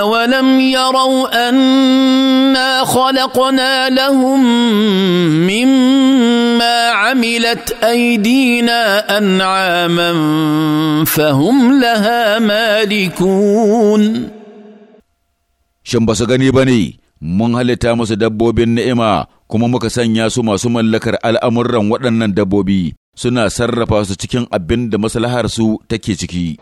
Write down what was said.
أولم يروا أنا خلقنا لهم مما عملت أيدينا أنعاما فهم لها مالكون Shin ba su gani ba ne, mun halitta masu dabbobin ni'ima kuma muka sanya su masu mallakar al'amuran waɗannan dabbobi suna sarrafa su cikin abinda da maslaharsu take ciki.